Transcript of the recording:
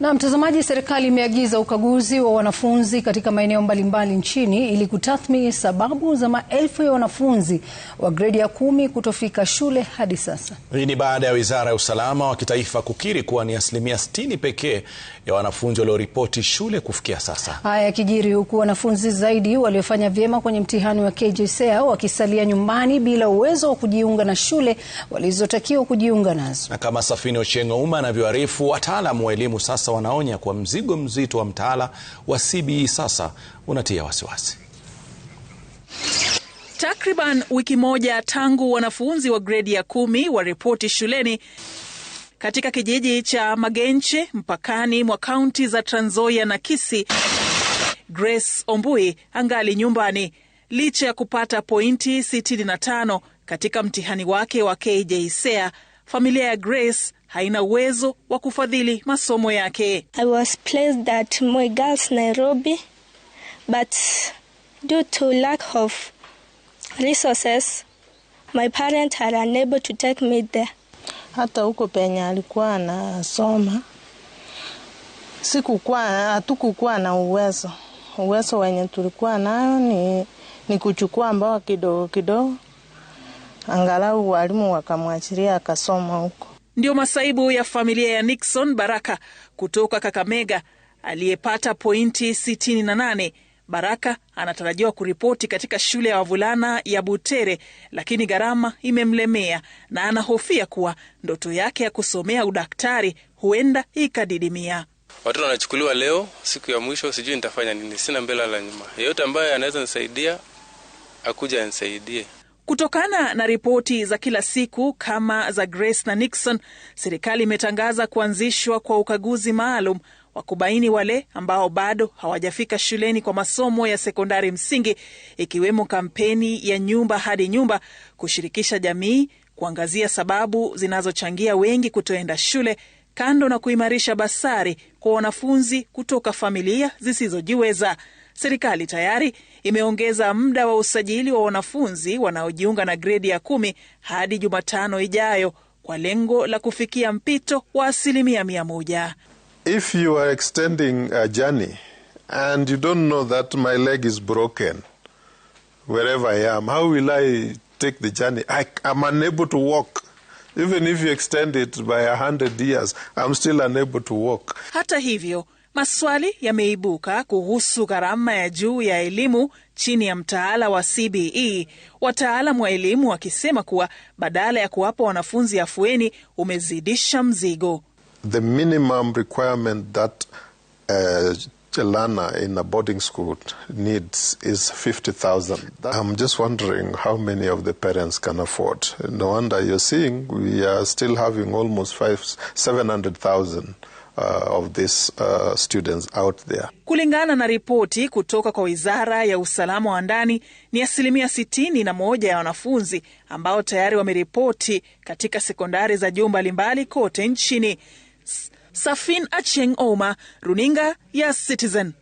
Na mtazamaji, serikali imeagiza ukaguzi wa wanafunzi katika maeneo mbalimbali nchini ili kutathmini sababu za maelfu ya wanafunzi wa gredi ya kumi kutofika shule hadi sasa. Hii ni baada ya Wizara ya Usalama wa Kitaifa kukiri kuwa ni asilimia sitini pekee ya wanafunzi walioripoti shule kufikia sasa. Haya yakijiri huku wanafunzi zaidi waliofanya vyema kwenye mtihani wa KJSEA wakisalia nyumbani bila uwezo wa kujiunga na shule walizotakiwa kujiunga nazo. Na kama Safina Ochieng Ouma anavyoarifu, wataalamu wa elimu sasa sasa wanaonya kuwa mzigo mzito wa mtaala wa CBE sasa unatia wasiwasi. Takriban wiki moja tangu wanafunzi wa gredi ya kumi waripoti shuleni katika kijiji cha Magenche mpakani mwa kaunti za Trans Nzoia na Kisii, Grace Ombui angali nyumbani licha ya kupata pointi 65 katika mtihani wake wa KJSEA. Familia ya Grace haina uwezo wa kufadhili masomo yake. I was placed at Moi Girls Nairobi but due to lack of resources my parents are unable to take me there. Hata huko penye alikuwa anasoma sikukuwa, hatukukuwa na uwezo. Uwezo wenye tulikuwa nayo ni, ni kuchukua mbao kidogo kidogo, angalau walimu wakamwachilia akasoma huko ndio masaibu ya familia ya Nixon Baraka kutoka Kakamega aliyepata pointi 68. Baraka anatarajiwa kuripoti katika shule ya wavulana ya Butere, lakini gharama imemlemea na anahofia kuwa ndoto yake ya kusomea udaktari huenda ikadidimia. Watoto wanachukuliwa leo, siku ya mwisho, sijui nitafanya nini, sina mbele la nyuma. Yeyote ambaye anaweza nisaidia akuja anisaidie. Kutokana na ripoti za kila siku kama za Grace na Nixon, serikali imetangaza kuanzishwa kwa ukaguzi maalum wa kubaini wale ambao bado hawajafika shuleni kwa masomo ya sekondari msingi, ikiwemo kampeni ya nyumba hadi nyumba kushirikisha jamii kuangazia sababu zinazochangia wengi kutoenda shule, kando na kuimarisha basari kwa wanafunzi kutoka familia zisizojiweza. Serikali tayari imeongeza muda wa usajili wa wanafunzi wanaojiunga na gredi ya kumi hadi Jumatano ijayo kwa lengo la kufikia mpito wa asilimia mia moja. If you are extending a journey and you don't know that my leg is broken wherever I am, how will I take the journey? I am unable to walk. Even if you extend it by 100 years, I'm still unable to walk. Hata hivyo Maswali yameibuka kuhusu gharama ya juu ya elimu chini ya mtaala wa CBE, wataalam wa elimu wakisema kuwa badala ya kuwapa wanafunzi afueni umezidisha mzigo. The minimum requirement that, uh, a learner in a boarding school needs is 50,000. I'm just wondering how many of the parents can afford. No wonder you're seeing we are still having almost 700,000 Uh, of these, uh, students out there. Kulingana na ripoti kutoka kwa Wizara ya Usalama wa Ndani ni asilimia sitini na moja ya wanafunzi ambao tayari wameripoti katika sekondari za juu mbalimbali kote nchini. Safin acheng Oma, runinga ya Citizen.